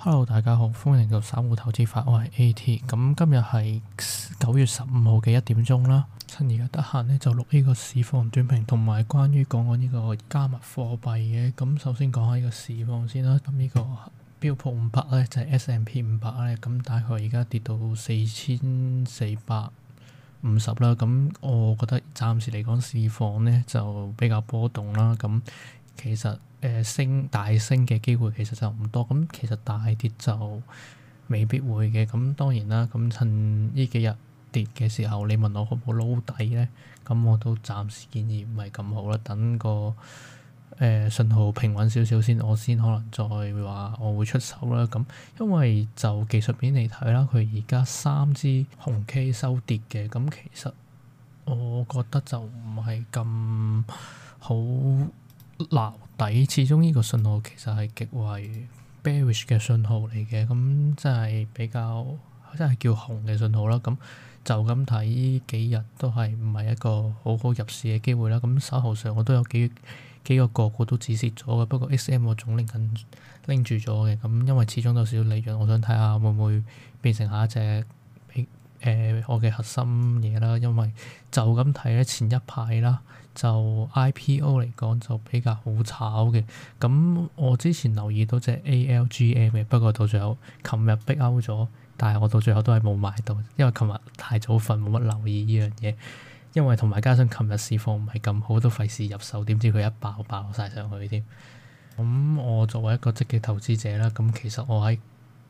hello，大家好，歡迎嚟到散戶投資法，我係 AT。咁今日係九月十五號嘅一點鐘啦。趁而家得閒咧，就錄呢個市況短評，同埋關於講講呢個加密貨幣嘅。咁首先講下呢個市況先啦。咁、這、呢個標普五百咧，就係 S&P 五百咧。咁大概而家跌到四千四百五十啦。咁我覺得暫時嚟講市況咧就比較波動啦。咁其實誒、呃、升大升嘅機會其實就唔多，咁其實大跌就未必會嘅。咁當然啦，咁趁呢幾日跌嘅時候，你問我可唔可撈底咧？咁我都暫時建議唔係咁好啦，等個誒、呃、信號平穩少少先，我先可能再話我會出手啦。咁因為就技術面嚟睇啦，佢而家三支紅 K 收跌嘅，咁其實我覺得就唔係咁好。牢底，始終呢個信號其實係極為 bearish 嘅信號嚟嘅，咁即係比較即係叫熊嘅信號啦。咁就咁睇呢幾日都係唔係一個好好入市嘅機會啦。咁稍後上我都有幾幾個個股都止蝕咗嘅，不過 SM 我總拎緊拎住咗嘅，咁因為始終都有少少利潤，我想睇下會唔會變成下一隻。誒、呃，我嘅核心嘢啦，因為就咁睇咧，前一排啦，就 IPO 嚟講就比較好炒嘅。咁我之前留意到隻 ALGM 嘅，不過到最後琴日逼歐咗，但係我到最後都係冇買到，因為琴日太早瞓，冇乜留意呢樣嘢。因為同埋加上琴日市況唔係咁好，都費事入手。點知佢一爆爆晒上去添。咁我作為一個積極投資者啦，咁其實我喺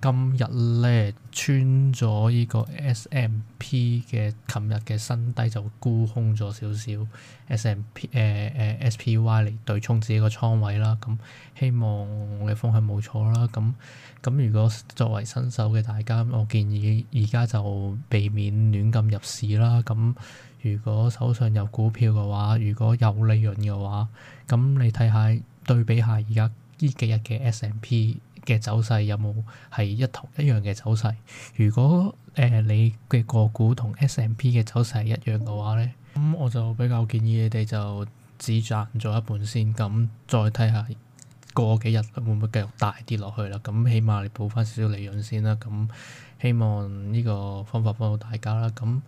今日咧穿咗依個 S M P 嘅，琴日嘅新低就沽空咗少少 S M P 誒、呃、誒、呃、S P Y 嚟對沖自己個倉位啦。咁、嗯、希望我嘅方向冇錯啦。咁、嗯、咁、嗯、如果作為新手嘅大家，我建議而家就避免亂咁入市啦。咁、嗯、如果手上有股票嘅話，如果有利潤嘅話，咁、嗯、你睇下對比下而家呢幾日嘅 S M P。嘅走勢有冇係一同一樣嘅走勢？如果誒、呃、你嘅個股同 S M P 嘅走勢一樣嘅話咧，咁我就比較建議你哋就只賺咗一半先，咁再睇下過幾日會唔會繼續大跌落去啦。咁起碼你補翻少少利潤先啦。咁希望呢個方法幫到大家啦。咁。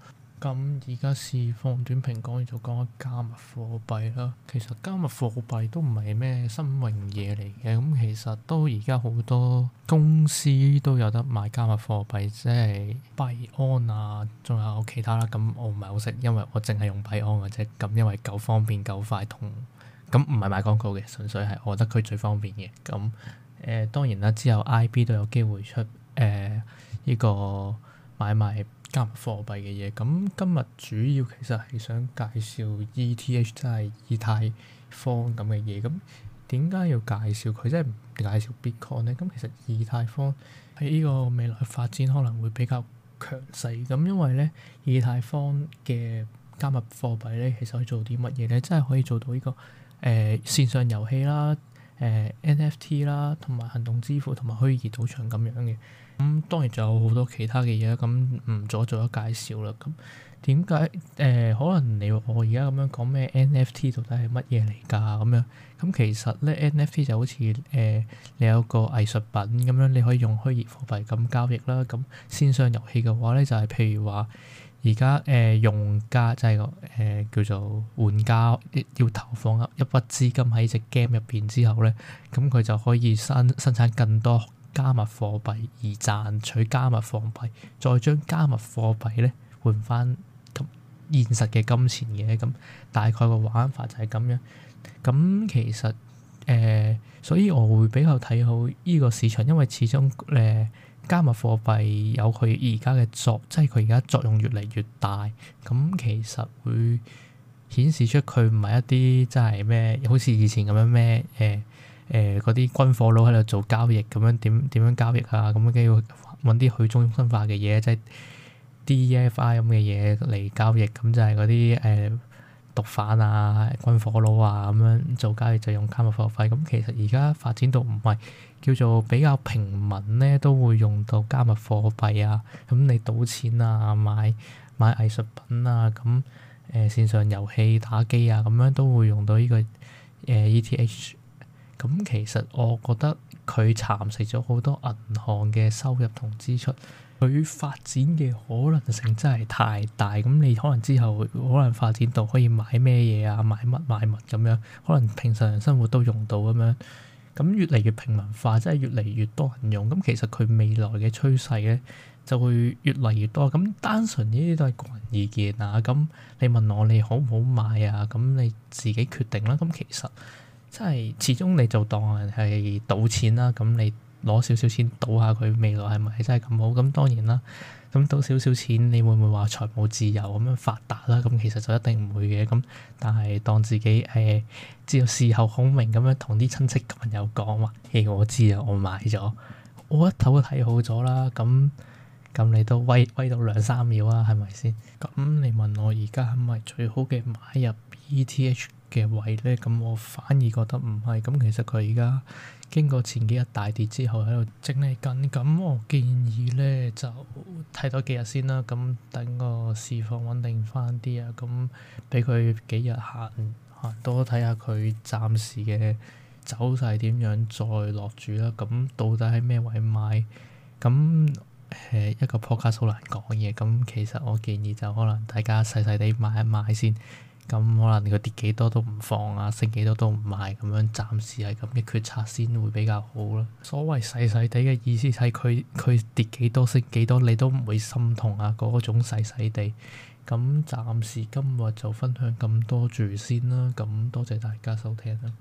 咁而家市況短評講完就講加密貨幣啦。其實加密貨幣都唔係咩新穎嘢嚟嘅。咁其實都而家好多公司都有得買加密貨幣，即係幣安啊，仲有其他啦。咁我唔係好識，因為我淨係用幣安嘅啫。咁因為夠方便夠快同咁唔係賣廣告嘅，純粹係我覺得佢最方便嘅。咁誒、呃、當然啦，之後 IB 都有機會出誒呢、呃呢個買賣。加密貨幣嘅嘢，咁今日主要其實係想介紹 ETH，即係以太坊咁嘅嘢。咁點解要介紹佢？即係唔介紹 Bitcoin 咧？咁其實以太坊喺呢個未來發展可能會比較強勢。咁因為咧，以太坊嘅加密貨幣咧，其實可以做啲乜嘢咧？即係可以做到呢個誒、呃、線上遊戲啦。誒、呃、NFT 啦，同埋行動支付，同埋虛擬賭場咁樣嘅，咁當然仲有好多其他嘅嘢啦，咁唔再做咗介紹啦。咁點解誒？可能你我而家咁樣講咩 NFT 到底係乜嘢嚟㗎？咁樣。咁其實咧 NFT 就好似誒、呃、你有一個藝術品咁樣，你可以用虛擬貨幣咁交易啦。咁線上遊戲嘅話咧，就係、是、譬如話。而家誒用家即係個、呃、叫做玩家，要投放一筆資金喺隻 game 入邊之後咧，咁佢就可以生生產更多加密貨幣，而賺取加密貨幣，再將加密貨幣咧換翻金現實嘅金錢嘅咁，大概個玩法就係咁樣。咁其實誒、呃，所以我會比較睇好依個市場，因為始終誒。呃加密貨幣有佢而家嘅作，即係佢而家作用越嚟越大，咁其實會顯示出佢唔係一啲即係咩，好似以前咁樣咩，誒誒嗰啲軍火佬喺度做交易咁樣點點樣交易啊？咁跟住揾啲去中心化嘅嘢，即係 DeFi 咁嘅嘢嚟交易，咁就係嗰啲誒。呃毒販啊、軍火佬啊咁樣做交易，就用加密貨幣。咁其實而家發展到唔係叫做比較平民咧，都會用到加密貨幣啊。咁你賭錢啊、買買藝術品啊、咁誒、呃、線上遊戲打機啊，咁樣都會用到呢、這個誒 ETH。咁、呃 e、其實我覺得佢蠶食咗好多銀行嘅收入同支出。佢發展嘅可能性真係太大，咁你可能之後可能發展到可以買咩嘢啊，買乜買乜咁樣，可能平常人生活都用到咁樣，咁越嚟越平民化，即係越嚟越多人用，咁其實佢未來嘅趨勢咧就會越嚟越多。咁單純呢啲都係個人意見啊，咁你問我你好唔好買啊？咁你自己決定啦。咁其實即係始終你就當係賭錢啦，咁你。攞少少錢賭下佢未來係咪真係咁好？咁當然啦，咁賭少少錢，你會唔會話財務自由咁樣發達啦？咁其實就一定唔會嘅。咁但係當自己誒、呃，只要事後孔明咁樣同啲親戚朋友講話，誒我知啊，我買咗，我一頭都睇好咗啦。咁咁你都威威到兩三秒啊，係咪先？咁你問我而家係咪最好嘅買入 ETH 嘅位咧，咁我反而覺得唔係，咁其實佢而家經過前幾日大跌之後喺度整理緊，咁我建議咧就睇多幾日先啦，咁等個市況穩定返啲啊，咁俾佢幾日行行多看看，多睇下佢暫時嘅走勢點樣，再落住啦。咁到底喺咩位買？咁誒一個破卡數難講嘢，咁其實我建議就可能大家細細地買一買先。咁可能佢跌幾多都唔放啊，升幾多都唔賣咁樣，暫時係咁嘅決策先會比較好咯。所謂細細地嘅意思係佢佢跌幾多，升幾多，你都唔會心痛啊嗰、嗰個種細細地。咁暫時今日就分享咁多住先啦。咁多謝大家收聽啦。